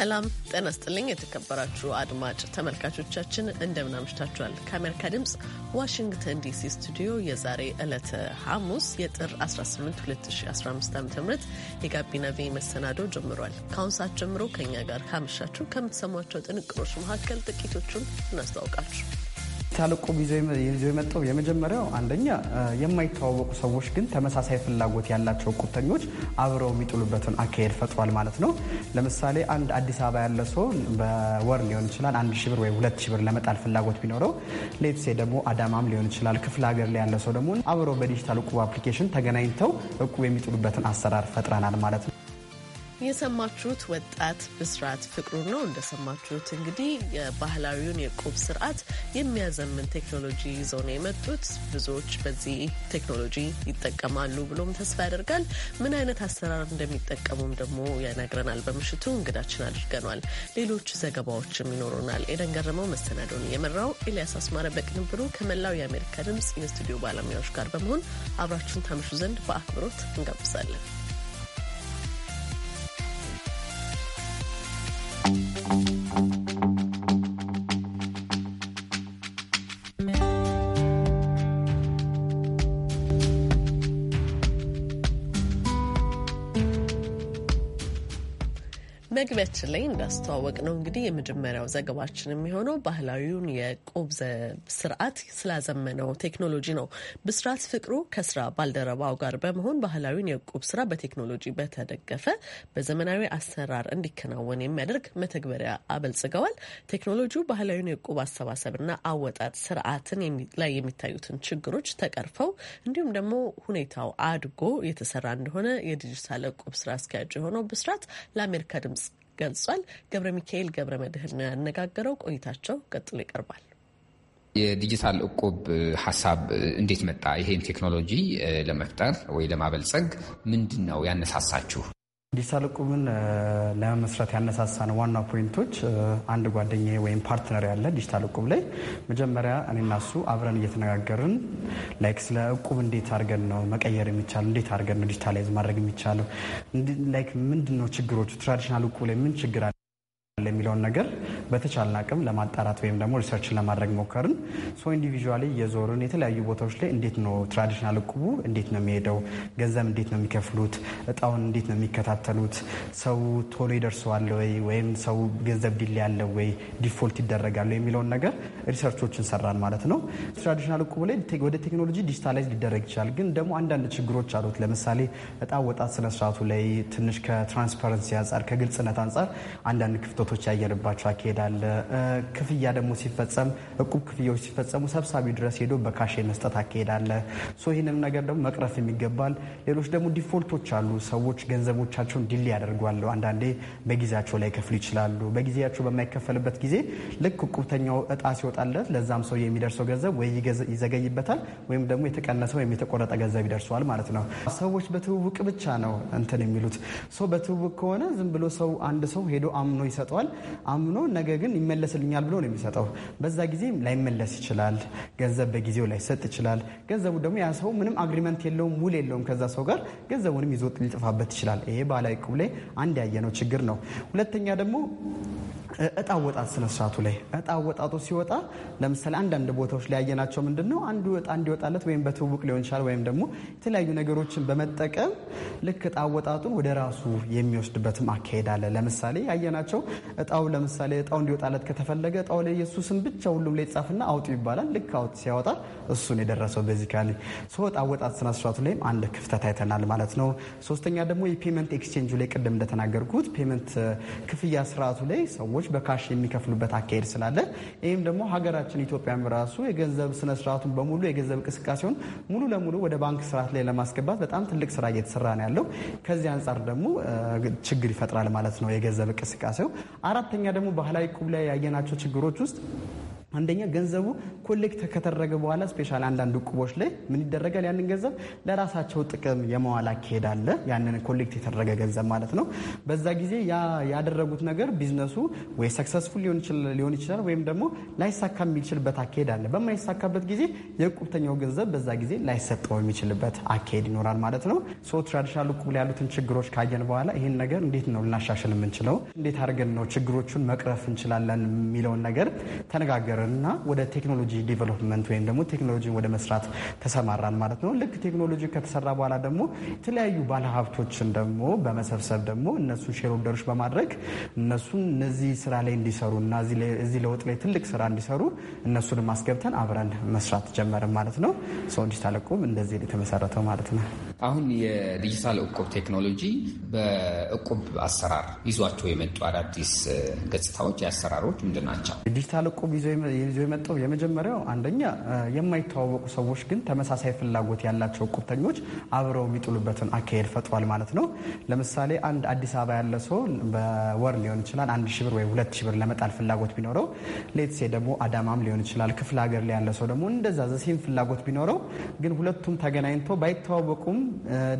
ሰላም ጤና ስጥልኝ። የተከበራችሁ አድማጭ ተመልካቾቻችን እንደምን አምሽታችኋል? ከአሜሪካ ድምፅ ዋሽንግተን ዲሲ ስቱዲዮ የዛሬ ዕለተ ሐሙስ የጥር 18 2015 ዓ ም የጋቢና ቬ መሰናዶ ጀምሯል። ከአሁን ሰዓት ጀምሮ ከእኛ ጋር ካመሻችሁ ከምትሰሟቸው ጥንቅሮች መካከል ጥቂቶቹን እናስተዋውቃችሁ። ሻለቆ ይዞ የመጣው የመጀመሪያው አንደኛ የማይተዋወቁ ሰዎች ግን ተመሳሳይ ፍላጎት ያላቸው ቁርተኞች አብረው የሚጥሉበትን አካሄድ ፈጥሯል ማለት ነው። ለምሳሌ አንድ አዲስ አበባ ያለ ሰው በወር ሊሆን ይችላል አንድ ሺህ ብር ወይ ሁለት ሺህ ብር ለመጣል ፍላጎት ቢኖረው፣ ሌትሴ ደግሞ አዳማም ሊሆን ይችላል ክፍለ ሀገር ላይ ያለ ሰው ደግሞ አብረው በዲጂታል እቁብ አፕሊኬሽን ተገናኝተው እቁብ የሚጥሉበትን አሰራር ፈጥረናል ማለት ነው። የሰማችሁት ወጣት ብስራት ፍቅሩ ነው። እንደሰማችሁት እንግዲህ የባህላዊውን የቁብ ስርዓት የሚያዘምን ቴክኖሎጂ ይዘው ነው የመጡት። ብዙዎች በዚህ ቴክኖሎጂ ይጠቀማሉ ብሎም ተስፋ ያደርጋል። ምን አይነት አሰራር እንደሚጠቀሙም ደግሞ ያናግረናል። በምሽቱ እንግዳችን አድርገኗል። ሌሎች ዘገባዎችም ይኖሩናል። ኤደን ገረመው መሰናዶን የመራው፣ ኤልያስ አስማረ በቅንብሩ ከመላው የአሜሪካ ድምፅ የስቱዲዮ ባለሙያዎች ጋር በመሆን አብራችሁን ታምሹ ዘንድ በአክብሮት እንጋብዛለን። መግቢያችን ላይ እንዳስተዋወቅ ነው እንግዲህ የመጀመሪያው ዘገባችን የሚሆነው ባህላዊውን የቆብዘ ስርዓት ስላዘመነው ቴክኖሎጂ ነው። ብስራት ፍቅሩ ከስራ ባልደረባው ጋር በመሆን ባህላዊውን የቆብ ስራ በቴክኖሎጂ በተደገፈ በዘመናዊ አሰራር እንዲከናወን የሚያደርግ መተግበሪያ አበልጽገዋል። ቴክኖሎጂው ባህላዊውን የቆብ አሰባሰብና አወጣጥ ስርዓትን ላይ የሚታዩትን ችግሮች ተቀርፈው እንዲሁም ደግሞ ሁኔታው አድጎ የተሰራ እንደሆነ የዲጂታል ቆብ ስራ አስኪያጅ የሆነው ብስራት ለአሜሪካ ድምጽ ገልጿል። ገብረ ሚካኤል ገብረ መድህን ነው ያነጋገረው። ቆይታቸው ቀጥሎ ይቀርባል። የዲጂታል እቁብ ሀሳብ እንዴት መጣ? ይሄን ቴክኖሎጂ ለመፍጠር ወይ ለማበልጸግ ምንድን ነው ያነሳሳችሁ? ዲጂታል እቁብን ለመስረት ያነሳሳን ዋና ፖይንቶች አንድ ጓደኛ ወይም ፓርትነር ያለ ዲጂታል እቁብ ላይ መጀመሪያ እኔና እሱ አብረን እየተነጋገርን ላይክ ስለ እቁብ እንዴት አድርገን ነው መቀየር የሚቻለው፣ እንዴት አድርገን ነው ዲጂታላይዝ ማድረግ የሚቻለው፣ ላይክ ምንድን ነው ችግሮቹ፣ ትራዲሽናል እቁብ ላይ ምን ችግር አለ የሚለውን ነገር በተቻለ አቅም ለማጣራት ወይም ደግሞ ሪሰርች ለማድረግ ሞከርን። ሶ ኢንዲቪዥዋሊ የዞርን የተለያዩ ቦታዎች ላይ እንዴት ነው ትራዲሽናል እቁቡ እንዴት ነው የሚሄደው? ገንዘብ እንዴት ነው የሚከፍሉት? እጣውን እንዴት ነው የሚከታተሉት? ሰው ቶሎ ይደርሰዋል ወይ ወይም ሰው ገንዘብ ዲል ያለ ወይ ዲፎልት ይደረጋሉ የሚለውን ነገር ሪሰርቾችን ሰራን ማለት ነው። ትራዲሽናል እቁቡ ላይ ወደ ቴክኖሎጂ ዲጂታላይዝ ሊደረግ ይችላል፣ ግን ደግሞ አንዳንድ ችግሮች አሉት። ለምሳሌ እጣ ወጣት ስነስርዓቱ ላይ ትንሽ ከትራንስፓረንሲ አንጻር ከግልጽነት አንጻር አንዳንድ ክፍተቶች ያየንባቸው አካሄድ እንዳለ ክፍያ ደግሞ ሲፈጸም እቁብ ክፍያዎች ሲፈጸሙ ሰብሳቢው ድረስ ሄዶ በካሽ መስጠት አካሄዳለ። ይህንን ነገር ደግሞ መቅረፍ የሚገባል። ሌሎች ደግሞ ዲፎልቶች አሉ። ሰዎች ገንዘቦቻቸውን ድል ያደርጓሉ። አንዳንዴ በጊዜያቸው ላይ ከፍሉ ይችላሉ። በጊዜያቸው በማይከፈልበት ጊዜ ልክ እቁብተኛው እጣ ሲወጣለት ለዛም ሰው የሚደርሰው ገንዘብ ወይ ይዘገይበታል ወይም ደግሞ የተቀነሰ ወይም የተቆረጠ ገንዘብ ይደርሰዋል ማለት ነው። ሰዎች በትውውቅ ብቻ ነው እንትን የሚሉት ሰው በትውውቅ ከሆነ ዝም ብሎ ሰው አንድ ሰው ሄዶ አምኖ ይሰጠዋል። አምኖ ነገ ነገ ግን ይመለስልኛል ብሎ ነው የሚሰጠው። በዛ ጊዜ ላይመለስ ይችላል። ገንዘብ በጊዜው ላይሰጥ ይችላል። ገንዘቡ ደግሞ ያ ሰው ምንም አግሪመንት የለውም፣ ውል የለውም ከዛ ሰው ጋር ገንዘቡንም ይዞ ሊጥፋበት ይችላል። ይሄ ባህላዊ ዕቁብ ላይ አንድ ያየነው ችግር ነው። ሁለተኛ ደግሞ እጣ ወጣት ስነስርዓቱ ላይ እጣ ወጣቱ ሲወጣ ለምሳሌ አንዳንድ ቦታዎች ላይ ያየናቸው ምንድን ነው አንዱ እጣ እንዲወጣለት ወይም በትውውቅ ሊሆን ይችላል ወይም ደግሞ የተለያዩ ነገሮችን በመጠቀም ልክ እጣ ወጣቱን ወደ ራሱ የሚወስድበትም አካሄድ አለ። ለምሳሌ ያየናቸው እጣው ለምሳሌ እጣው እንዲወጣለት ከተፈለገ ጣው ላይ ኢየሱስን ብቻ ሁሉም ላይ ጻፍና አውጡ ይባላል። ልክ አውጥ ሲያወጣ እሱን የደረሰው በዚህ ካህን ሲወጣ አወጣት ስነ ላይም አንድ ክፍተት አይተናል ማለት ነው። ሶስተኛ ደግሞ የፔመንት ኤክስቼንጁ ላይ ቅድም እንደተናገርኩት ፔመንት ክፍያ ስርዓቱ ላይ ሰዎች በካሽ የሚከፍሉበት አካሄድ ስላለ ይህም ደግሞ ሀገራችን ኢትዮጵያም ራሱ የገንዘብ ስነስርዓቱን በሙሉ የገንዘብ እንቅስቃሴውን ሙሉ ለሙሉ ወደ ባንክ ስርዓት ላይ ለማስገባት በጣም ትልቅ ስራ እየተሰራ ነው ያለው። ከዚህ አንጻር ደግሞ ችግር ይፈጥራል ማለት ነው የገንዘብ እንቅስቃሴው። አራተኛ ደግሞ ባህላዊ ላይ ያየናቸው ችግሮች ውስጥ አንደኛ ገንዘቡ ኮሌክት ከተደረገ በኋላ ስፔሻል አንዳንድ እቁቦች ላይ ምን ይደረጋል? ያንን ገንዘብ ለራሳቸው ጥቅም የመዋል አካሄድ አለ። ያንን ኮሌክት የተደረገ ገንዘብ ማለት ነው። በዛ ጊዜ ያደረጉት ነገር ቢዝነሱ ወይ ሰክሰስፉል ሊሆን ይችላል ወይም ደግሞ ላይሳካ የሚችልበት አካሄድ አለ። በማይሳካበት ጊዜ የእቁብተኛው ገንዘብ በዛ ጊዜ ላይሰጠው የሚችልበት አካሄድ ይኖራል ማለት ነው። ሶ ትራዲሽናል እቁብ ላይ ያሉትን ችግሮች ካየን በኋላ ይህን ነገር እንዴት ነው ልናሻሽል የምንችለው? እንዴት አድርገን ነው ችግሮቹን መቅረፍ እንችላለን የሚለውን ነገር ተነጋገረ። ተቀየርንና ወደ ቴክኖሎጂ ዲቨሎፕመንት ወይም ደግሞ ቴክኖሎጂ ወደ መስራት ተሰማራን ማለት ነው። ልክ ቴክኖሎጂ ከተሰራ በኋላ ደግሞ የተለያዩ ባለሀብቶችን ደግሞ በመሰብሰብ ደግሞ እነሱ ሼርሆልደሮች በማድረግ እነሱን እነዚህ ስራ ላይ እንዲሰሩ እና እዚህ ለውጥ ላይ ትልቅ ስራ እንዲሰሩ እነሱን ማስገብተን አብረን መስራት ጀመርን ማለት ነው። ሰው እንዲታለቁም እንደዚህ የተመሰረተው ማለት ነው። አሁን የዲጂታል እቁብ ቴክኖሎጂ በእቁብ አሰራር ይዟቸው የመጡ አዳዲስ ገጽታዎች የአሰራሮች ምንድን ናቸው? ዲጂታል እቁብ ይዞ ይዞ የመጣው የመጀመሪያው አንደኛ የማይተዋወቁ ሰዎች ግን ተመሳሳይ ፍላጎት ያላቸው ቁብተኞች አብረው የሚጥሉበትን አካሄድ ፈጥሯል ማለት ነው። ለምሳሌ አንድ አዲስ አበባ ያለ ሰው በወር ሊሆን ይችላል አንድ ሺ ብር ወይ ሁለት ሺ ብር ለመጣል ፍላጎት ቢኖረው፣ ሌትሴ ደግሞ አዳማም ሊሆን ይችላል ክፍለ ሀገር ላይ ያለ ሰው ደግሞ እንደዛ ዘሴም ፍላጎት ቢኖረው ግን ሁለቱም ተገናኝተው ባይተዋወቁም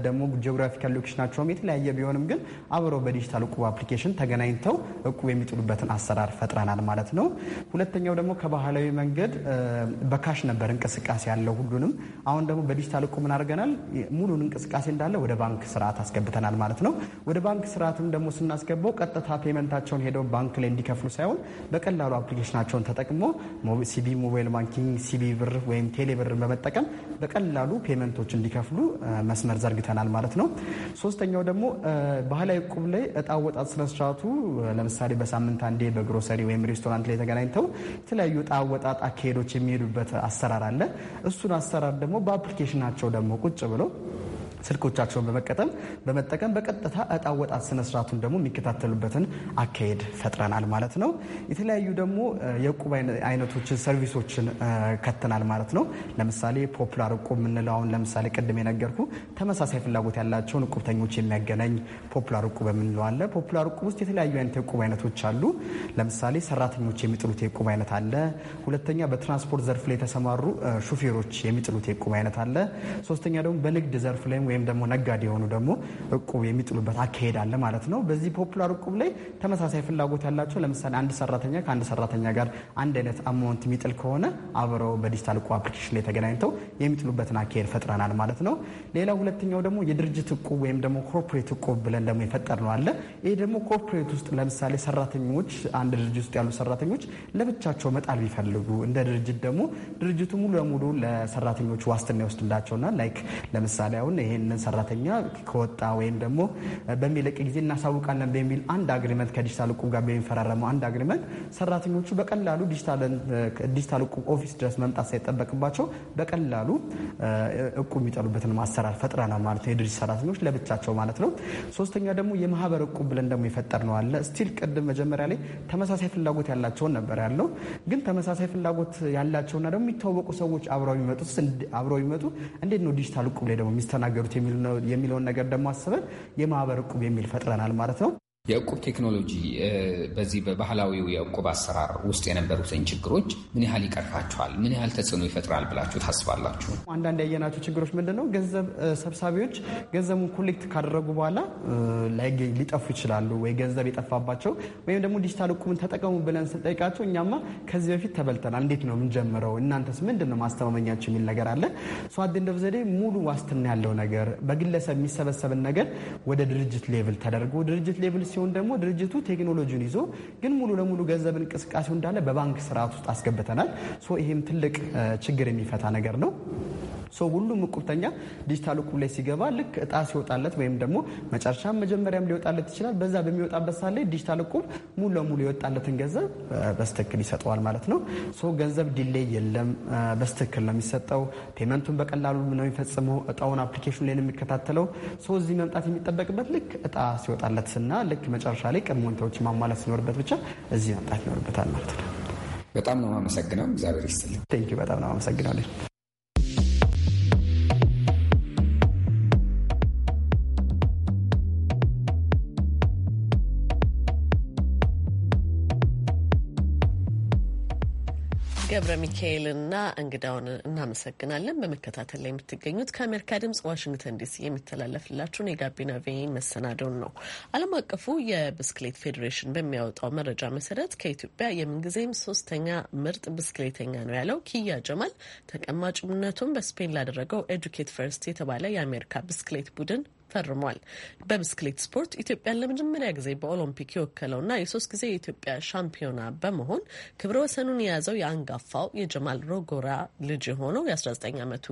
ደግሞ ጂኦግራፊካል ሎኬሽናቸውም የተለያየ ቢሆንም ግን አብረው በዲጂታል እቁብ አፕሊኬሽን ተገናኝተው እቁብ የሚጥሉበትን አሰራር ፈጥረናል ማለት ነው። ሁለተኛው ደግሞ ከባህላዊ መንገድ በካሽ ነበር እንቅስቃሴ ያለው ሁሉንም። አሁን ደግሞ በዲጂታል እኮ ምን አድርገናል? ሙሉን እንቅስቃሴ እንዳለ ወደ ባንክ ስርዓት አስገብተናል ማለት ነው። ወደ ባንክ ስርዓትም ደግሞ ስናስገባው ቀጥታ ፔመንታቸውን ሄደው ባንክ ላይ እንዲከፍሉ ሳይሆን በቀላሉ አፕሊኬሽናቸውን ተጠቅሞ ሲቢ ሞባይል ባንኪንግ፣ ሲቢ ብር ወይም ቴሌ ብር በመጠቀም በቀላሉ ፔመንቶች እንዲከፍሉ መስመር ዘርግተናል ማለት ነው። ሶስተኛው ደግሞ ባህላዊ ቁም ላይ እጣ ወጣት ስነስርዓቱ ለምሳሌ በሳምንት አንዴ በግሮሰሪ ወይም ሬስቶራንት ላይ ተገናኝተው የተለያዩ የተለያዩ እጣ አወጣጥ አካሄዶች የሚሄዱበት አሰራር አለ። እሱን አሰራር ደግሞ በአፕሊኬሽናቸው ደግሞ ቁጭ ብሎ ስልኮቻቸውን በመቀጠል በመጠቀም በቀጥታ እጣ ወጣት ስነስርዓቱን ደግሞ የሚከታተሉበትን አካሄድ ፈጥረናል ማለት ነው። የተለያዩ ደግሞ የእቁብ አይነቶችን ሰርቪሶችን ከትናል ማለት ነው። ለምሳሌ ፖፑላር እቁብ የምንለው አሁን ለምሳሌ ቅድም የነገርኩ ተመሳሳይ ፍላጎት ያላቸውን እቁብተኞች የሚያገናኝ ፖፑላር እቁብ የምንለው አለ። ፖፑላር እቁብ ውስጥ የተለያዩ አይነት የእቁብ አይነቶች አሉ። ለምሳሌ ሰራተኞች የሚጥሉት የእቁብ አይነት አለ። ሁለተኛ በትራንስፖርት ዘርፍ ላይ የተሰማሩ ሹፌሮች የሚጥሉት የእቁብ አይነት አለ። ሶስተኛ ደግሞ በንግድ ዘርፍ ላይ ወይም ደግሞ ነጋዴ የሆኑ ደግሞ እቁብ የሚጥሉበት አካሄድ አለ ማለት ነው። በዚህ ፖፑላር እቁብ ላይ ተመሳሳይ ፍላጎት ያላቸው ለምሳሌ አንድ ሰራተኛ ከአንድ ሰራተኛ ጋር አንድ አይነት አማውንት የሚጥል ከሆነ አብረው በዲጂታል እቁብ አፕሊኬሽን ላይ ተገናኝተው የሚጥሉበትን አካሄድ ፈጥረናል ማለት ነው። ሌላ ሁለተኛው ደግሞ የድርጅት እቁብ ወይም ደግሞ ኮርፖሬት እቁብ ብለን ደግሞ የፈጠር ነው አለ። ይህ ደግሞ ኮርፖሬት ውስጥ ለምሳሌ ሰራተኞች አንድ ድርጅት ውስጥ ያሉ ሰራተኞች ለብቻቸው መጣል ቢፈልጉ እንደ ድርጅት ደግሞ ድርጅቱ ሙሉ ለሙሉ ለሰራተኞች ዋስትና ይወስድላቸውና ላይክ ለምሳሌ አሁን ይሄ ይህንን ሰራተኛ ከወጣ ወይም ደግሞ በሚለቅ ጊዜ እናሳውቃለን በሚል አንድ አግሪመንት ከዲጂታል እቁብ ጋር በሚፈራረመው አንድ አግሪመንት ሰራተኞቹ በቀላሉ ዲጂታል እቁብ ኦፊስ ድረስ መምጣት ሳይጠበቅባቸው በቀላሉ እቁብ የሚጠሉበትን ማሰራር ነው ማለት ነው። የድርጅት ሰራተኞች ለብቻቸው ማለት ነው። ሶስተኛ ደግሞ የማህበር እቁብ ብለን ደግሞ የፈጠር ነው አለ ስቲል ቅድም መጀመሪያ ላይ ተመሳሳይ ፍላጎት ያላቸውን ነበር ያለው። ግን ተመሳሳይ ፍላጎት ያላቸውና ደግሞ የሚታወቁ ሰዎች አብረው የሚመጡ እንዴት ነው ዲጂታል እቁብ ላይ ደግሞ የሚስተናገዱት የሚለውን ነገር ደግሞ አስበን የማህበር እቁብ የሚል ፈጥረናል ማለት ነው። የእቁብ ቴክኖሎጂ በዚህ በባህላዊው የእቁብ አሰራር ውስጥ የነበሩትን ችግሮች ምን ያህል ይቀርፋችኋል? ምን ያህል ተጽዕኖ ይፈጥራል ብላችሁ ታስባላችሁ? አንዳንድ ያየናቸው ችግሮች ምንድን ነው? ገንዘብ ሰብሳቢዎች ገንዘቡን ኮሌክት ካደረጉ በኋላ ላይገኝ ሊጠፉ ይችላሉ ወይ ገንዘብ የጠፋባቸው ወይም ደግሞ ዲጂታል እቁብን ተጠቀሙ ብለን ስንጠይቃቸው እኛማ ከዚህ በፊት ተበልተናል፣ እንዴት ነው የምንጀምረው? እናንተስ ምንድን ነው ማስተማመኛቸው የሚል ነገር አለ። ሰዋድንደብ ዘዴ ሙሉ ዋስትና ያለው ነገር በግለሰብ የሚሰበሰብን ነገር ወደ ድርጅት ሌቭል ተደርጎ ድርጅት ሌቭል ሲሆን ደግሞ ድርጅቱ ቴክኖሎጂውን ይዞ ግን ሙሉ ለሙሉ ገንዘብ እንቅስቃሴው እንዳለ በባንክ ስርዓት ውስጥ አስገብተናል። ይህም ትልቅ ችግር የሚፈታ ነገር ነው። ሰው ሁሉም እቁብተኛ ዲጂታል እቁብ ላይ ሲገባ ልክ እጣ ሲወጣለት ወይም ደግሞ መጨረሻ መጀመሪያም ሊወጣለት ይችላል። በዛ በሚወጣበት ሳ ላይ ዲጂታል እቁብ ሙሉ ለሙሉ የወጣለትን ገንዘብ በስትክክል ይሰጠዋል ማለት ነው። ገንዘብ ዲሌይ የለም፣ በስትክክል ነው የሚሰጠው። ፔመንቱን በቀላሉ ነው የሚፈጽመው። እጣውን አፕሊኬሽን ላይ ነው የሚከታተለው። ሶ እዚህ መምጣት የሚጠበቅበት ልክ እጣ ሲወጣለትና ልክ መጨረሻ ላይ ቅድመ ሁኔታዎች ማሟላት ሲኖርበት ብቻ እዚህ መምጣት ይኖርበታል ማለት ነው። በጣም ነው የማመሰግነው። እግዚአብሔር ይስጥልኝ። ቴንኪው። በጣም ነው የማመሰግነው። ገብረ ሚካኤልና እንግዳውን እናመሰግናለን። በመከታተል ላይ የምትገኙት ከአሜሪካ ድምጽ ዋሽንግተን ዲሲ የሚተላለፍላችሁን የጋቢና ቬይ መሰናዶን ነው። ዓለም አቀፉ የብስክሌት ፌዴሬሽን በሚያወጣው መረጃ መሰረት ከኢትዮጵያ የምንጊዜም ሶስተኛ ምርጥ ብስክሌተኛ ነው ያለው ኪያ ጀማል ተቀማጭነቱን በስፔን ላደረገው ኤዱኬት ፈርስት የተባለ የአሜሪካ ብስክሌት ቡድን ፈርሟል። በብስክሌት ስፖርት ኢትዮጵያን ለመጀመሪያ ጊዜ በኦሎምፒክ የወከለውና የሶስት ጊዜ የኢትዮጵያ ሻምፒዮና በመሆን ክብረ ወሰኑን የያዘው የአንጋፋው የጀማል ሮጎራ ልጅ የሆነው የ19 ዓመቱ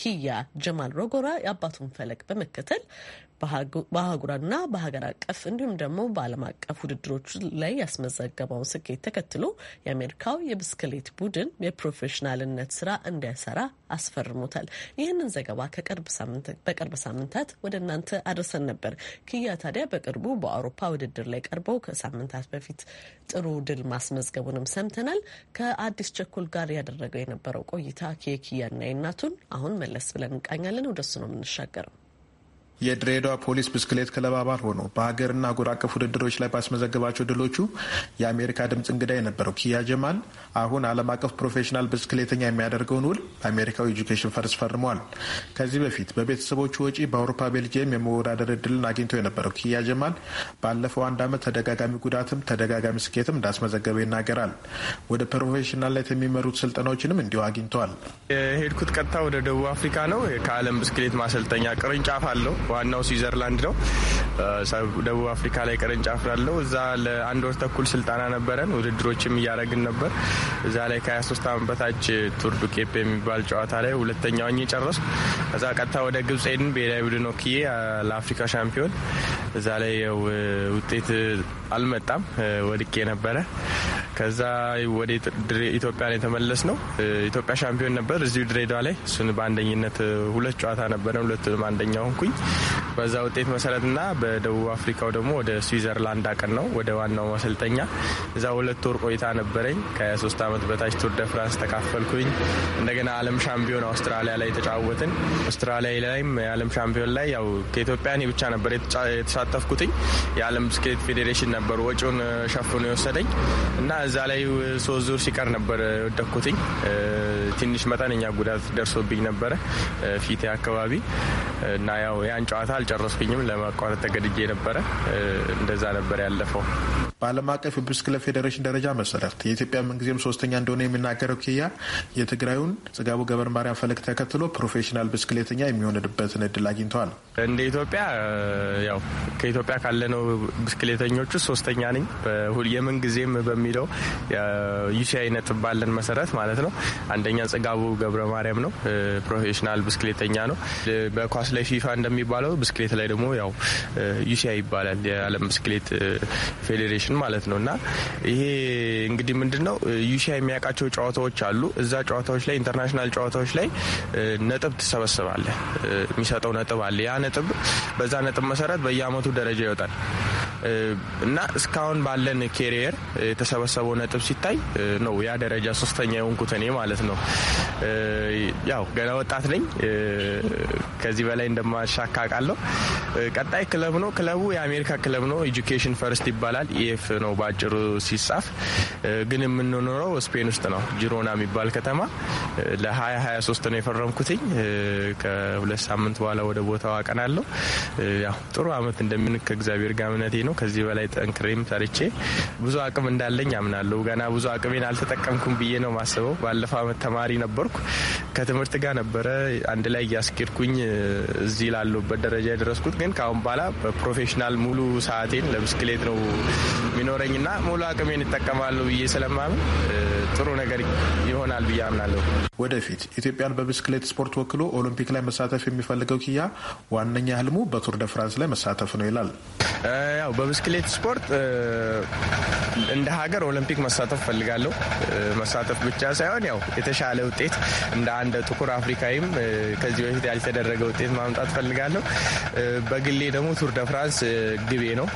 ኪያ ጀማል ሮጎራ የአባቱን ፈለግ በመከተል በአህጉራና በሀገር አቀፍ እንዲሁም ደግሞ በዓለም አቀፍ ውድድሮች ላይ ያስመዘገበውን ስኬት ተከትሎ የአሜሪካው የብስክሌት ቡድን የፕሮፌሽናልነት ስራ እንዲያሰራ አስፈርሞታል። ይህንን ዘገባ በቅርብ ሳምንታት ወደ እናንተ አድርሰን ነበር። ክያ ታዲያ በቅርቡ በአውሮፓ ውድድር ላይ ቀርበው ከሳምንታት በፊት ጥሩ ድል ማስመዝገቡንም ሰምተናል። ከአዲስ ቸኩል ጋር ያደረገው የነበረው ቆይታ የክያና የእናቱን አሁን መለስ ብለን እንቃኛለን። ወደሱ ነው የምንሻገረው። የድሬዳዋ ፖሊስ ብስክሌት ክለብ አባል ሆኖ በሀገርና አህጉር አቀፍ ውድድሮች ላይ ባስመዘገባቸው ድሎቹ የአሜሪካ ድምፅ እንግዳ የነበረው ኪያ ጀማል አሁን ዓለም አቀፍ ፕሮፌሽናል ብስክሌተኛ የሚያደርገውን ውል በአሜሪካዊ ኤጁኬሽን ፈርስ ፈርመዋል። ከዚህ በፊት በቤተሰቦቹ ወጪ በአውሮፓ ቤልጅየም የመወዳደር እድልን አግኝቶ የነበረው ኪያ ጀማል ባለፈው አንድ ዓመት ተደጋጋሚ ጉዳትም ተደጋጋሚ ስኬትም እንዳስመዘገበ ይናገራል። ወደ ፕሮፌሽናልነት የሚመሩት ስልጠናዎችንም እንዲሁ አግኝተዋል። የሄድኩት ቀጥታ ወደ ደቡብ አፍሪካ ነው። ከዓለም ብስክሌት ማሰልጠኛ ቅርንጫፍ አለው ዋናው ስዊዘርላንድ ነው። ደቡብ አፍሪካ ላይ ቅርንጫፍ ላለው እዛ ለአንድ ወር ተኩል ስልጠና ነበረን። ውድድሮችም እያደረግን ነበር። እዛ ላይ ከ23 ዓመት በታች ቱር ዱ ኬፕ የሚባል ጨዋታ ላይ ሁለተኛውን የጨረስኩ እዛ ቀጥታ ወደ ግብጽ ሄድን። ብሔራዊ ቡድን ወክዬ ለአፍሪካ ሻምፒዮን እዛ ላይ ውጤት አልመጣም፣ ወድቄ ነበረ። ከዛ ወደ ኢትዮጵያ የተመለስ ነው። ኢትዮጵያ ሻምፒዮን ነበር እዚሁ ድሬዳዋ ላይ እሱን በአንደኝነት ሁለት ጨዋታ ነበረ፣ ሁለቱንም አንደኛ ሆንኩኝ። በዛ ውጤት መሰረትና በደቡብ አፍሪካው ደግሞ ወደ ስዊዘርላንድ አቀን ነው ወደ ዋናው ማሰልጠኛ እዛ ሁለት ወር ቆይታ ነበረኝ። ከ23 ዓመት በታች ቱር ደ ፍራንስ ተካፈልኩኝ። እንደገና ዓለም ሻምፒዮን አውስትራሊያ ላይ ተጫወትን። አውስትራሊያ ላይም የዓለም ሻምፒዮን ላይ ያው ከኢትዮጵያ እኔ ብቻ ነበር የተሳተፍኩትኝ። የዓለም ስኬት ፌዴሬሽን ነበር ወጪውን ሸፍኖ የወሰደኝ እና እዛ ላይ ሶስት ዙር ሲቀር ነበር የወደኩትኝ። ትንሽ መጠነኛ ጉዳት ደርሶብኝ ነበረ ፊቴ አካባቢ እና ያው ያን ጨዋታ አልጨረስኩኝም፣ ለማቋረጥ ተገድጄ ነበረ። እንደዛ ነበር ያለፈው። በዓለም አቀፍ የብስክሌት ፌዴሬሽን ደረጃ መሰረት የኢትዮጵያ ምንጊዜም ሶስተኛ እንደሆነ የሚናገረው ኪያ የትግራዩን ጽጋቡ ገብረ ማርያም ፈለግ ተከትሎ ፕሮፌሽናል ብስክሌተኛ የሚሆንበትን እድል አግኝተዋል። እንደ ኢትዮጵያ ያው ከኢትዮጵያ ካለነው ብስክሌተኞች ውስጥ ሶስተኛ ነኝ። የምንጊዜም በሚለው ዩሲአይ ነጥብ ባለን መሰረት ማለት ነው። አንደኛ ጽጋቡ ገብረ ማርያም ነው። ፕሮፌሽናል ብስክሌተኛ ነው። በኳስ ላይ ፊፋ እንደሚባለው ብስክሌት ላይ ደግሞ ያው ዩሲአይ ይባላል። የዓለም ብስክሌት ፌዴሬሽን ጨዋታዎችን ማለት ነው እና ይሄ እንግዲህ ምንድን ነው ዩሻ የሚያውቃቸው ጨዋታዎች አሉ። እዛ ጨዋታዎች ላይ ኢንተርናሽናል ጨዋታዎች ላይ ነጥብ ትሰበስባለ፣ የሚሰጠው ነጥብ አለ። ያ ነጥብ በዛ ነጥብ መሰረት በየአመቱ ደረጃ ይወጣል። እና እስካሁን ባለን ኬሪየር የተሰበሰበው ነጥብ ሲታይ ነው ያ ደረጃ ሶስተኛ የሆንኩት እኔ ማለት ነው። ያው ገና ወጣት ነኝ። ከዚህ በላይ እንደማሻካ ቃለው ቀጣይ ክለብ ነው። ክለቡ የአሜሪካ ክለብ ነው። ኤጁኬሽን ፈርስት ይባላል። ኢኤፍ e ነው በአጭሩ ሲጻፍ። ግን የምንኖረው ስፔን ውስጥ ነው፣ ጅሮና የሚባል ከተማ። ለ2023 ነው የፈረምኩትኝ። ከሁለት ሳምንት በኋላ ወደ ቦታው አቀናለሁ። ያው ጥሩ አመት እንደምን ከእግዚአብሔር ጋር እምነቴ ነው። ነው። ከዚህ በላይ ጠንክሬም ሰርቼ ብዙ አቅም እንዳለኝ አምናለሁ። ገና ብዙ አቅሜን አልተጠቀምኩም ብዬ ነው ማስበው። ባለፈው አመት ተማሪ ነበርኩ። ከትምህርት ጋር ነበረ አንድ ላይ እያስኬድኩኝ እዚህ ላለሁበት ደረጃ የደረስኩት። ግን ከአሁን በኋላ በፕሮፌሽናል ሙሉ ሰዓቴን ለብስክሌት ነው የሚኖረኝ እና ሙሉ አቅሜን እጠቀማለሁ ብዬ ስለማምን ጥሩ ነገር ይሆናል ብዬ አምናለሁ። ወደፊት ኢትዮጵያን በብስክሌት ስፖርት ወክሎ ኦሎምፒክ ላይ መሳተፍ የሚፈልገው ኪያ ዋነኛ ህልሙ በቱር ደ ፍራንስ ላይ መሳተፍ ነው ይላል። ያው በብስክሌት ስፖርት እንደ ሀገር ኦሎምፒክ መሳተፍ ፈልጋለሁ። መሳተፍ ብቻ ሳይሆን ያው የተሻለ ውጤት እንደ እንደ ጥቁር አፍሪካዊም ከዚህ በፊት ያልተደረገ ውጤት ማምጣት ፈልጋለሁ። በግሌ ደግሞ ቱር ደ ፍራንስ ግቤ ነው።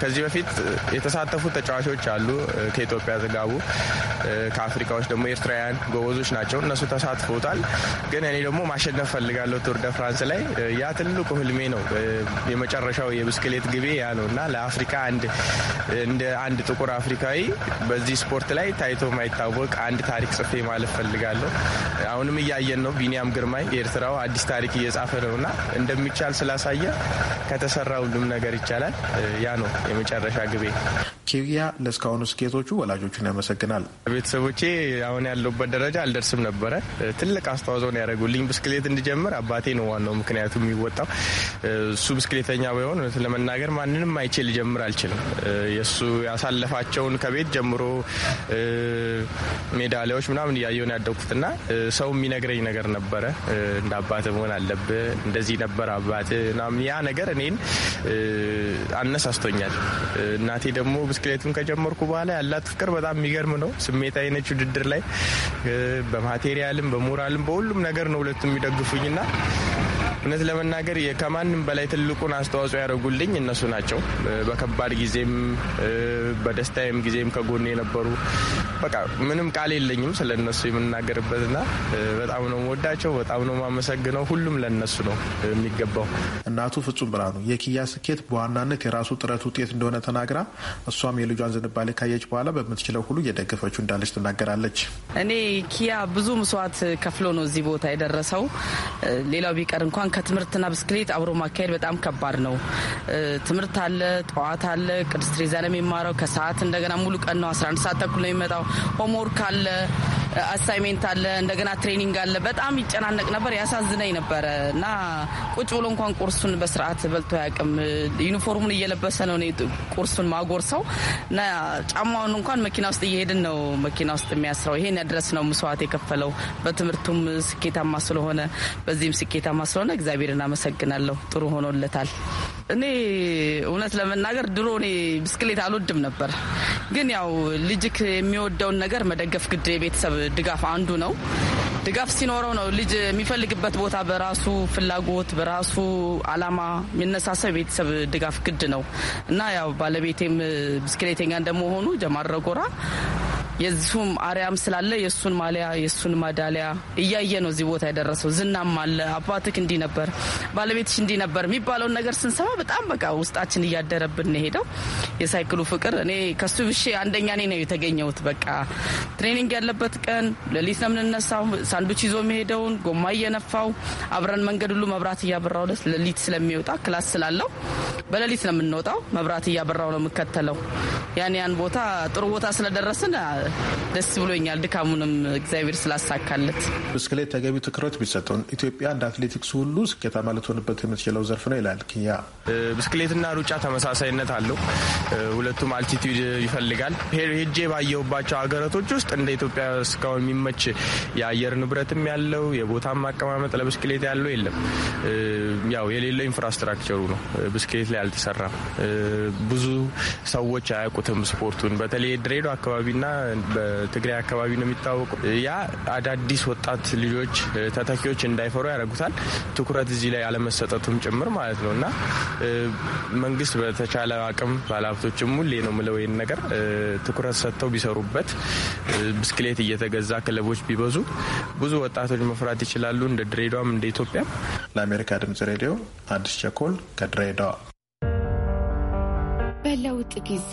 ከዚህ በፊት የተሳተፉ ተጫዋቾች አሉ። ከኢትዮጵያ ዘጋቡ፣ ከአፍሪካዎች ደግሞ ኤርትራውያን ጎበዞች ናቸው። እነሱ ተሳትፈውታል። ግን እኔ ደግሞ ማሸነፍ ፈልጋለሁ ቱር ደ ፍራንስ ላይ። ያ ትልቁ ህልሜ ነው። የመጨረሻው የብስክሌት ግቤ ያ ነው እና ለአፍሪካ አንድ እንደ አንድ ጥቁር አፍሪካዊ በዚህ ስፖርት ላይ ታይቶ ማይታወቅ አንድ ታሪክ ጽፌ ማለት ፈልጋለሁ። አሁንም እያየን ነው። ቢኒያም ግርማይ ኤርትራው አዲስ ታሪክ እየጻፈ ነውና እንደሚቻል ስላሳየ ከተሰራ ሁሉም ነገር ይቻላል። ያ ነው የመጨረሻ ግቤ። ኪያ ለእስካሁኑ ስኬቶቹ ወላጆቹን ያመሰግናል። ቤተሰቦቼ አሁን ያለሁበት ደረጃ አልደርስም ነበረ። ትልቅ አስተዋጽኦ ነው ያደረጉልኝ። ብስክሌት እንድጀምር አባቴ ነው ዋናው ምክንያቱ የሚወጣው። እሱ ብስክሌተኛ ባይሆን እውነት ለመናገር ማንንም አይቼ ልጀምር አልችልም። የእሱ ያሳለፋቸውን ከቤት ጀምሮ ሜዳሊያዎች ምናምን እያየሁ ነው ሰው የሚነግረኝ ነገር ነበረ። እንደ አባት መሆን አለብ እንደዚህ ነበር አባት ምናምን። ያ ነገር እኔን አነሳስቶኛል። እናቴ ደግሞ ብስክሌቱን ከጀመርኩ በኋላ ያላት ፍቅር በጣም የሚገርም ነው። ስሜት አይነች ውድድር ላይ በማቴሪያልም፣ በሞራልም፣ በሁሉም ነገር ነው ሁለቱም የሚደግፉኝና እውነት ለመናገር ከማንም በላይ ትልቁን አስተዋጽኦ ያደረጉልኝ እነሱ ናቸው። በከባድ ጊዜም በደስታዬም ጊዜም ከጎን የነበሩ በቃ ምንም ቃል የለኝም ስለ እነሱ የምናገርበትና በጣም ነው ወዳቸው፣ በጣም ነው ማመሰግነው። ሁሉም ለእነሱ ነው የሚገባው። እናቱ ፍጹም ብርሃኑ የኪያ ስኬት በዋናነት የራሱ ጥረት ውጤት እንደሆነ ተናግራ እሷም የልጇን ዝንባሌ ካየች በኋላ በምትችለው ሁሉ እየደገፈችው እንዳለች ትናገራለች። እኔ ኪያ ብዙ መስዋዕት ከፍሎ ነው እዚህ ቦታ የደረሰው። ሌላው ቢቀር እንኳን አሁን ከትምህርትና ብስክሌት አብሮ ማካሄድ በጣም ከባድ ነው። ትምህርት አለ፣ ጠዋት አለ፣ ቅድስት ትሬዛ ነው የሚማረው። ከሰዓት እንደገና ሙሉ ቀን ነው፣ 11 ሰዓት ተኩል ነው የሚመጣው። ሆምወርክ አለ፣ አሳይሜንት አለ፣ እንደገና ትሬኒንግ አለ። በጣም ይጨናነቅ ነበር፣ ያሳዝነኝ ነበረ እና ቁጭ ብሎ እንኳን ቁርሱን በስርዓት በልቶ አያውቅም። ዩኒፎርሙን እየለበሰ ነው ቁርሱን ማጎርሰው እና ጫማውን እንኳን መኪና ውስጥ እየሄድን ነው መኪና ውስጥ የሚያስረው። ይሄን ያድረስ ነው መስዋዕት የከፈለው በትምህርቱም ስኬታማ ስለሆነ በዚህም ስኬታማ ስለሆነ እግዚአብሔር እናመሰግናለሁ። ጥሩ ሆኖለታል። እኔ እውነት ለመናገር ድሮ እኔ ብስክሌት አልወድም ነበር፣ ግን ያው ልጅክ የሚወደውን ነገር መደገፍ ግድ የቤተሰብ ድጋፍ አንዱ ነው። ድጋፍ ሲኖረው ነው ልጅ የሚፈልግበት ቦታ በራሱ ፍላጎት በራሱ አላማ የሚነሳሰብ የቤተሰብ ድጋፍ ግድ ነው እና ያው ባለቤቴም ብስክሌተኛ እንደመሆኑ ጀማረጎራ የዚሁም አርያም ስላለ የእሱን ማሊያ የእሱን ማዳሊያ እያየ ነው እዚህ ቦታ የደረሰው። ዝናም አለ አባትክ እንዲህ ነበር፣ ባለቤትሽ እንዲህ ነበር የሚባለውን ነገር ስንሰማ በጣም በቃ ውስጣችን እያደረብን ነው ሄደው። የሳይክሉ ፍቅር እኔ ከሱ ብሼ አንደኛ እኔ ነው የተገኘሁት። በቃ ትሬኒንግ ያለበት ቀን ሌሊት ነው የምንነሳው። ሳንዱች ይዞ መሄደውን ጎማ እየነፋው አብረን መንገድ ሁሉ መብራት እያበራው ደስ ሌሊት ስለሚወጣ ክላስ ስላለው በሌሊት ነው የምንወጣው። መብራት እያበራው ነው የምከተለው። ያን ያን ቦታ ጥሩ ቦታ ስለደረስን ደስ ብሎኛል፣ ድካሙንም እግዚአብሔር ስላሳካለት። ብስክሌት ተገቢ ትኩረት ቢሰጠው ኢትዮጵያ እንደ አትሌቲክስ ሁሉ ስኬታማ ልትሆንበት የምትችለው ዘርፍ ነው ይላል ኪያ። ብስክሌትና ሩጫ ተመሳሳይነት አለው። ሁለቱም አልቲቲዩድ ይፈልጋል። ሄጄ ባየሁባቸው ሀገራቶች ውስጥ እንደ ኢትዮጵያ እስካሁን የሚመች የአየር ንብረትም ያለው የቦታም ማቀማመጥ ለብስክሌት ያለው የለም። ያው የሌለው ኢንፍራስትራክቸሩ ነው። ብስክሌት ላይ አልተሰራም። ብዙ ሰዎች አያውቁትም ስፖርቱን በተለይ ድሬዳዋ አካባቢና በትግራይ አካባቢ ነው የሚታወቁ። ያ አዳዲስ ወጣት ልጆች ተተኪዎች እንዳይፈሩ ያደርጉታል። ትኩረት እዚህ ላይ አለመሰጠቱም ጭምር ማለት ነው እና መንግስት በተቻለ አቅም ባለሀብቶችም ሁሌ ነው ምለው ይህን ነገር ትኩረት ሰጥተው ቢሰሩበት፣ ብስክሌት እየተገዛ ክለቦች ቢበዙ ብዙ ወጣቶች መፍራት ይችላሉ፣ እንደ ድሬዳዋም እንደ ኢትዮጵያም ለአሜሪካ ድምጽ ሬዲዮ አዲስ ቸኮል ከድሬዳዋ በለውጥ ጊዜ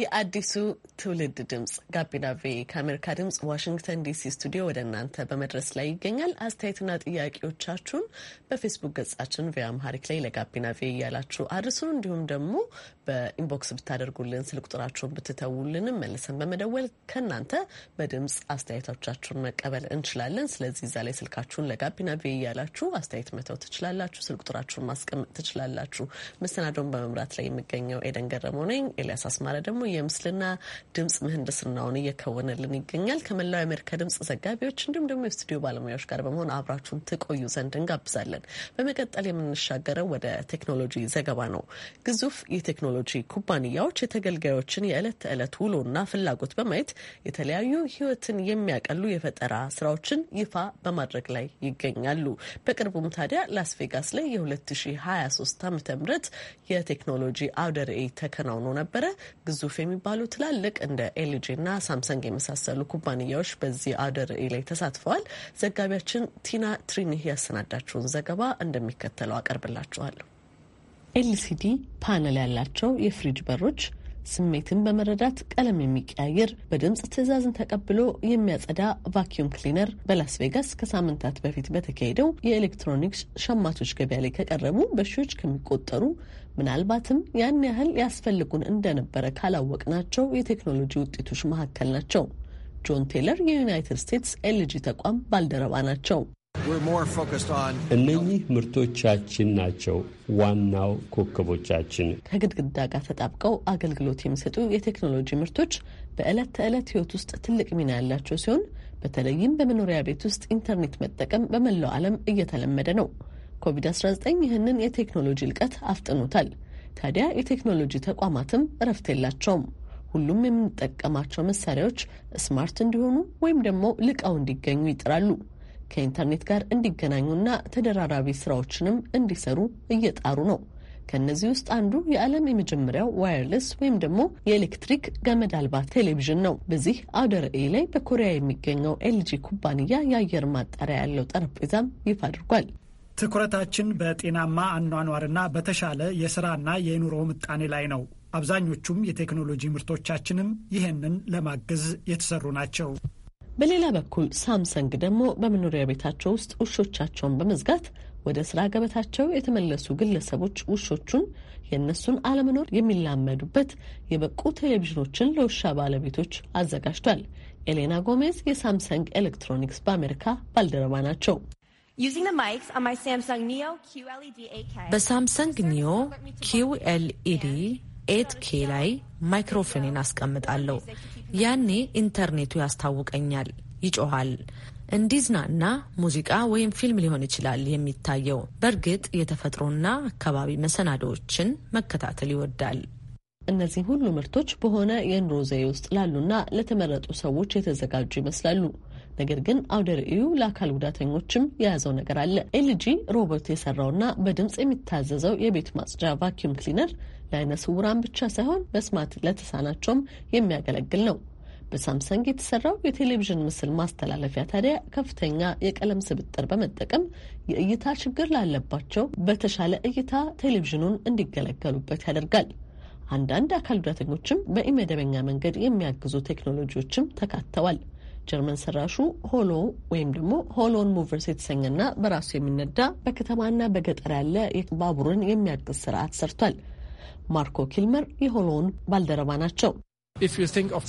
የአዲሱ ትውልድ ድምጽ ጋቢና ቬ ከአሜሪካ ድምጽ ዋሽንግተን ዲሲ ስቱዲዮ ወደ እናንተ በመድረስ ላይ ይገኛል። አስተያየትና ጥያቄዎቻችሁን በፌስቡክ ገጻችን ቪ አምሃሪክ ላይ ለጋቢና ቪ እያላችሁ አድርሱን። እንዲሁም ደግሞ በኢንቦክስ ብታደርጉልን ስልክ ቁጥራችሁን ብትተውልንም መልሰን በመደወል ከእናንተ በድምጽ አስተያየቶቻችሁን መቀበል እንችላለን። ስለዚህ እዛ ላይ ስልካችሁን ለጋቢና ቬ እያላችሁ አስተያየት መተው ትችላላችሁ። ስልክ ቁጥራችሁን ማስቀመጥ ትችላላችሁ። መሰናዶን በመምራት ላይ የሚገኘው ኤደን ገረመው ነኝ። ኤልያስ አስማረ ደግሞ የምስልና ድምጽ ምህንድስናውን እየከወነልን ይገኛል። ከመላው የአሜሪካ ድምጽ ዘጋቢዎች እንዲሁም ደግሞ የስቱዲዮ ባለሙያዎች ጋር በመሆን አብራችሁን ትቆዩ ዘንድ እንጋብዛለን። በመቀጠል የምንሻገረው ወደ ቴክኖሎጂ ዘገባ ነው። ግዙፍ የቴክኖሎጂ ኩባንያዎች የተገልጋዮችን የዕለት ተዕለት ውሎና ፍላጎት በማየት የተለያዩ ህይወትን የሚያቀሉ የፈጠራ ስራዎችን ይፋ በማድረግ ላይ ይገኛሉ። በቅርቡም ታዲያ ላስ ቬጋስ ላይ የ2023 ዓ ም የቴክኖሎጂ አውደ ርዕይ ተከናውኖ ነበረ። ግዙፍ ግዙፍ የሚባሉ ትላልቅ እንደ ኤልጂና ሳምሰንግ የመሳሰሉ ኩባንያዎች በዚህ አውደ ርዕይ ላይ ተሳትፈዋል። ዘጋቢያችን ቲና ትሪኒህ ያሰናዳችውን ዘገባ እንደሚከተለው አቀርብላችኋለሁ። ኤልሲዲ ፓነል ያላቸው የፍሪጅ በሮች ስሜትን በመረዳት ቀለም የሚቀያየር በድምፅ ትዕዛዝን ተቀብሎ የሚያጸዳ ቫኪዩም ክሊነር በላስ ቬጋስ ከሳምንታት በፊት በተካሄደው የኤሌክትሮኒክስ ሸማቾች ገበያ ላይ ከቀረቡ በሺዎች ከሚቆጠሩ ምናልባትም ያን ያህል ያስፈልጉን እንደነበረ ካላወቅናቸው የቴክኖሎጂ ውጤቶች መካከል ናቸው። ጆን ቴለር የዩናይትድ ስቴትስ ኤልጂ ተቋም ባልደረባ ናቸው። እነኚህ ምርቶቻችን ናቸው ዋናው ኮከቦቻችን። ከግድግዳ ጋር ተጣብቀው አገልግሎት የሚሰጡ የቴክኖሎጂ ምርቶች በዕለት ተዕለት ሕይወት ውስጥ ትልቅ ሚና ያላቸው ሲሆን በተለይም በመኖሪያ ቤት ውስጥ ኢንተርኔት መጠቀም በመላው ዓለም እየተለመደ ነው። ኮቪድ-19 ይህንን የቴክኖሎጂ ልቀት አፍጥኖታል። ታዲያ የቴክኖሎጂ ተቋማትም እረፍት የላቸውም። ሁሉም የምንጠቀማቸው መሳሪያዎች ስማርት እንዲሆኑ ወይም ደግሞ ልቀው እንዲገኙ ይጥራሉ። ከኢንተርኔት ጋር እንዲገናኙና ተደራራቢ ስራዎችንም እንዲሰሩ እየጣሩ ነው። ከእነዚህ ውስጥ አንዱ የዓለም የመጀመሪያው ዋይርለስ ወይም ደግሞ የኤሌክትሪክ ገመድ አልባ ቴሌቪዥን ነው። በዚህ አውደ ርዕይ ላይ በኮሪያ የሚገኘው ኤልጂ ኩባንያ የአየር ማጣሪያ ያለው ጠረጴዛም ይፋ አድርጓል። ትኩረታችን በጤናማ አኗኗርና በተሻለ የስራና የኑሮ ምጣኔ ላይ ነው። አብዛኞቹም የቴክኖሎጂ ምርቶቻችንም ይህንን ለማገዝ የተሰሩ ናቸው። በሌላ በኩል ሳምሰንግ ደግሞ በመኖሪያ ቤታቸው ውስጥ ውሾቻቸውን በመዝጋት ወደ ስራ ገበታቸው የተመለሱ ግለሰቦች ውሾቹን የእነሱን አለመኖር የሚላመዱበት የበቁ ቴሌቪዥኖችን ለውሻ ባለቤቶች አዘጋጅቷል። ኤሌና ጎሜዝ የሳምሰንግ ኤሌክትሮኒክስ በአሜሪካ ባልደረባ ናቸው። በሳምሰንግ ኒዮ ኪውኤልኢዲ ኤት ኬ ላይ ማይክሮፎኔን አስቀምጣለሁ። ያኔ ኢንተርኔቱ ያስታውቀኛል፣ ይጮኋል። እንዲዝናና ሙዚቃ ወይም ፊልም ሊሆን ይችላል የሚታየው። በእርግጥ የተፈጥሮና አካባቢ መሰናዶዎችን መከታተል ይወዳል። እነዚህ ሁሉ ምርቶች በሆነ የኑሮ ዘዬ ውስጥ ላሉና ለተመረጡ ሰዎች የተዘጋጁ ይመስላሉ። ነገር ግን አውደ ርዕዩ ለአካል ጉዳተኞችም የያዘው ነገር አለ። ኤልጂ ሮቦት የሰራውና በድምፅ የሚታዘዘው የቤት ማጽጃ ቫኪዩም ክሊነር ለአይነ ስውራን ብቻ ሳይሆን መስማት ለተሳናቸውም የሚያገለግል ነው። በሳምሰንግ የተሰራው የቴሌቪዥን ምስል ማስተላለፊያ ታዲያ ከፍተኛ የቀለም ስብጥር በመጠቀም የእይታ ችግር ላለባቸው በተሻለ እይታ ቴሌቪዥኑን እንዲገለገሉበት ያደርጋል። አንዳንድ አካል ጉዳተኞችም በኢመደበኛ መንገድ የሚያግዙ ቴክኖሎጂዎችም ተካተዋል። ጀርመን ሰራሹ ሆሎ ወይም ደግሞ ሆሎን ሙቨርስ የተሰኘና በራሱ የሚነዳ በከተማና በገጠር ያለ ባቡርን የሚያግዝ ስርዓት ሰርቷል። ማርኮ ኪልመር የሆሎውን ባልደረባ ናቸው።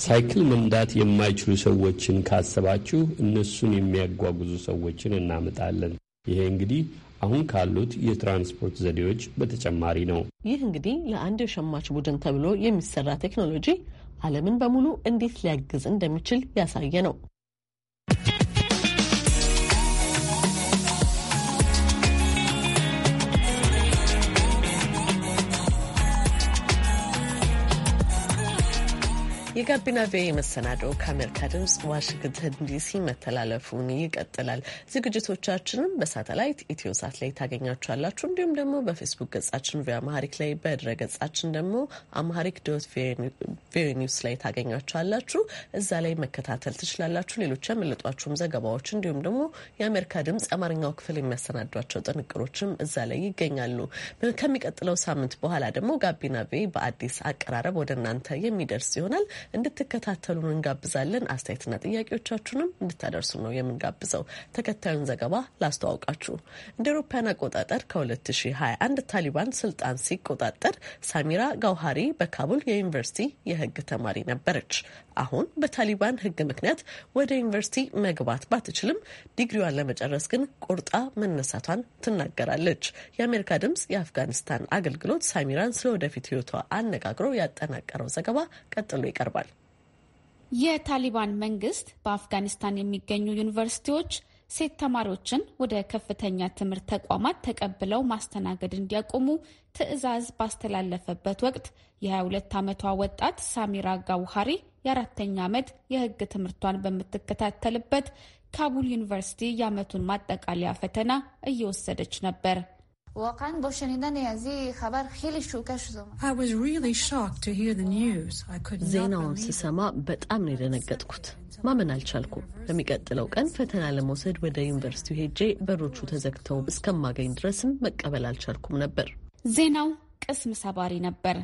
ሳይክል መንዳት የማይችሉ ሰዎችን ካሰባችሁ እነሱን የሚያጓጉዙ ሰዎችን እናመጣለን። ይሄ እንግዲህ አሁን ካሉት የትራንስፖርት ዘዴዎች በተጨማሪ ነው። ይህ እንግዲህ ለአንድ የሸማች ቡድን ተብሎ የሚሰራ ቴክኖሎጂ ዓለምን በሙሉ እንዴት ሊያግዝ እንደሚችል ያሳየ ነው። የጋቢና ቪ መሰናዶው ከአሜሪካ ድምፅ ዋሽንግተን ዲሲ መተላለፉን ይቀጥላል። ዝግጅቶቻችንም በሳተላይት ኢትዮ ሳት ላይ ታገኛችኋላችሁ። እንዲሁም ደግሞ በፌስቡክ ገጻችን ቪ አማሪክ ላይ፣ በድረ ገጻችን ደግሞ አማሪክ ዶት ቪኦኤ ኒውስ ላይ ታገኛችኋላችሁ። እዛ ላይ መከታተል ትችላላችሁ። ሌሎች ያመለጧችሁም ዘገባዎች እንዲሁም ደግሞ የአሜሪካ ድምፅ የአማርኛው ክፍል የሚያሰናዷቸው ጥንቅሮችም እዛ ላይ ይገኛሉ። ከሚቀጥለው ሳምንት በኋላ ደግሞ ጋቢና ቪ በአዲስ አቀራረብ ወደ እናንተ የሚደርስ ይሆናል። እንድትከታተሉን እንጋብዛለን። አስተያየትና ጥያቄዎቻችሁንም እንድታደርሱ ነው የምንጋብዘው። ተከታዩን ዘገባ ላስተዋውቃችሁ። እንደ አውሮፓውያን አቆጣጠር ከ2021 ታሊባን ስልጣን ሲቆጣጠር ሳሚራ ጋውሃሪ በካቡል የዩኒቨርሲቲ የህግ ተማሪ ነበረች። አሁን በታሊባን ህግ ምክንያት ወደ ዩኒቨርሲቲ መግባት ባትችልም ዲግሪዋን ለመጨረስ ግን ቁርጣ መነሳቷን ትናገራለች። የአሜሪካ ድምጽ የአፍጋኒስታን አገልግሎት ሳሚራን ስለ ወደፊት ህይወቷ አነጋግሮ ያጠናቀረው ዘገባ ቀጥሎ ይቀርባል። ይቀርባል። የታሊባን መንግስት በአፍጋኒስታን የሚገኙ ዩኒቨርሲቲዎች ሴት ተማሪዎችን ወደ ከፍተኛ ትምህርት ተቋማት ተቀብለው ማስተናገድ እንዲያቆሙ ትዕዛዝ ባስተላለፈበት ወቅት የ22 ዓመቷ ወጣት ሳሚራ ጋውሃሪ የአራተኛ ዓመት የሕግ ትምህርቷን በምትከታተልበት ካቡል ዩኒቨርሲቲ የዓመቱን ማጠቃለያ ፈተና እየወሰደች ነበር። واقعا با شنیدن از این خبر خیلی شوکه شدم ዜናውን ስሰማ በጣም ነው የደነገጥኩት። ማመን አልቻልኩ። ለሚቀጥለው ቀን ፈተና ለመውሰድ ወደ ዩኒቨርሲቲው ሄጄ በሮቹ ተዘግተው እስከማገኝ ድረስም መቀበል አልቻልኩም ነበር። ዜናው ቅስም ሰባሪ ነበር።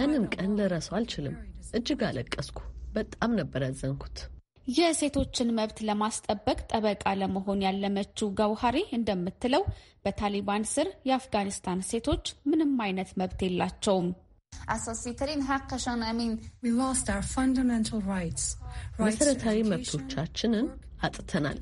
ያንን ቀን ልረሳው አልችልም። እጅግ አለቀስኩ። በጣም ነበር ያዘንኩት። የሴቶችን መብት ለማስጠበቅ ጠበቃ ለመሆን ያለመችው ገውሃሪ እንደምትለው በታሊባን ስር የአፍጋኒስታን ሴቶች ምንም አይነት መብት የላቸውም። መሰረታዊ መብቶቻችንን አጥተናል።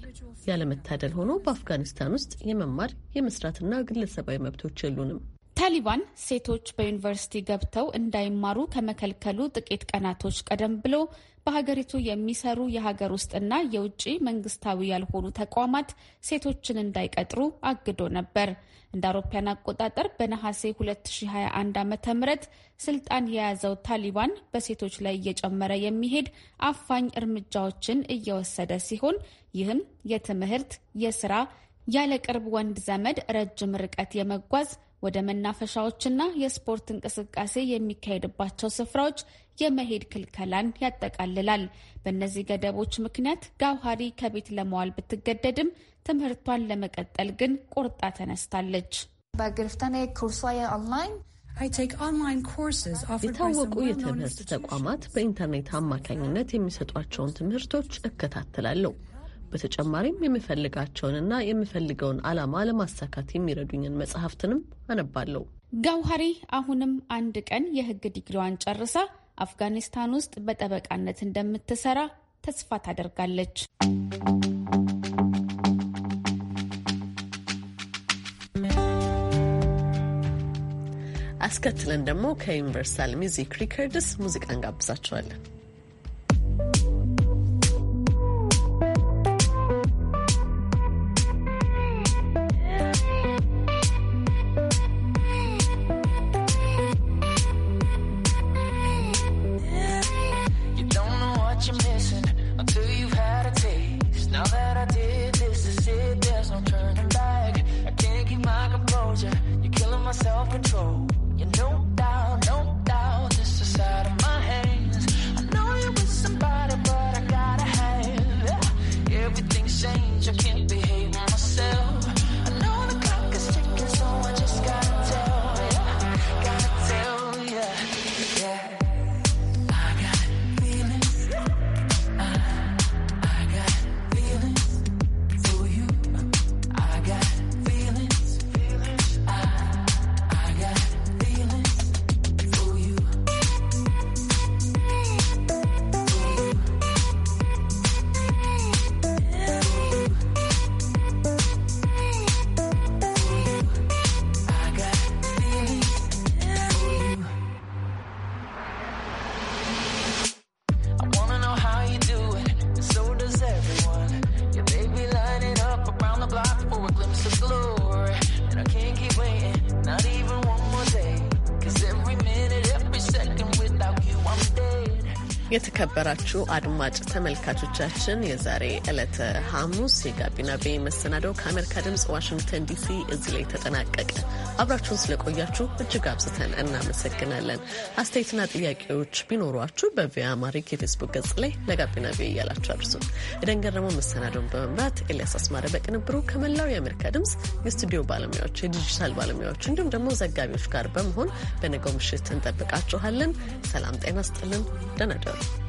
ያለመታደል ሆኖ በአፍጋኒስታን ውስጥ የመማር የመስራትና ግለሰባዊ መብቶች የሉንም። ታሊባን ሴቶች በዩኒቨርሲቲ ገብተው እንዳይማሩ ከመከልከሉ ጥቂት ቀናቶች ቀደም ብሎ በሀገሪቱ የሚሰሩ የሀገር ውስጥና የውጭ መንግስታዊ ያልሆኑ ተቋማት ሴቶችን እንዳይቀጥሩ አግዶ ነበር። እንደ አውሮፓያን አቆጣጠር በነሐሴ 2021 ዓ ም ስልጣን የያዘው ታሊባን በሴቶች ላይ እየጨመረ የሚሄድ አፋኝ እርምጃዎችን እየወሰደ ሲሆን ይህም የትምህርት፣ የስራ፣ ያለ ቅርብ ወንድ ዘመድ ረጅም ርቀት የመጓዝ ወደ መናፈሻዎችና የስፖርት እንቅስቃሴ የሚካሄድባቸው ስፍራዎች የመሄድ ክልከላን ያጠቃልላል። በእነዚህ ገደቦች ምክንያት ጋውሃሪ ከቤት ለመዋል ብትገደድም ትምህርቷን ለመቀጠል ግን ቆርጣ ተነስታለች። የታወቁ የትምህርት ተቋማት በኢንተርኔት አማካኝነት የሚሰጧቸውን ትምህርቶች እከታተላለሁ። በተጨማሪም የምፈልጋቸውንና የምፈልገውን ዓላማ ለማሳካት የሚረዱኝን መጽሐፍትንም አነባለሁ። ገውሃሪ አሁንም አንድ ቀን የህግ ዲግሪዋን ጨርሳ አፍጋኒስታን ውስጥ በጠበቃነት እንደምትሰራ ተስፋ ታደርጋለች። አስከትለን ደግሞ ከዩኒቨርሳል ሚዚክ ሪከርድስ ሙዚቃ እንጋብዛችኋለን። የተከበራችሁ አድማጭ ተመልካቾቻችን የዛሬ ዕለተ ሐሙስ የጋቢና ቤ መሰናደው ከአሜሪካ ድምፅ ዋሽንግተን ዲሲ እዚህ ላይ ተጠናቀቀ። አብራችሁን ስለቆያችሁ እጅግ አብዝተን እናመሰግናለን። አስተያየትና ጥያቄዎች ቢኖሯችሁ በቪኦኤ አማሪክ የፌስቡክ ገጽ ላይ ለጋቢና ቪ እያላችሁ አድርሱ ኤደን ገረመው በመምራት ኤልያስ አስማረ በቅንብሩ ከመላው የአሜሪካ ድምፅ የስቱዲዮ ባለሙያዎች፣ የዲጂታል ባለሙያዎች እንዲሁም ደግሞ ዘጋቢዎች ጋር በመሆን በነገው ምሽት እንጠብቃችኋለን። ሰላም ጤና ስጥልን። ደህና ደሩ።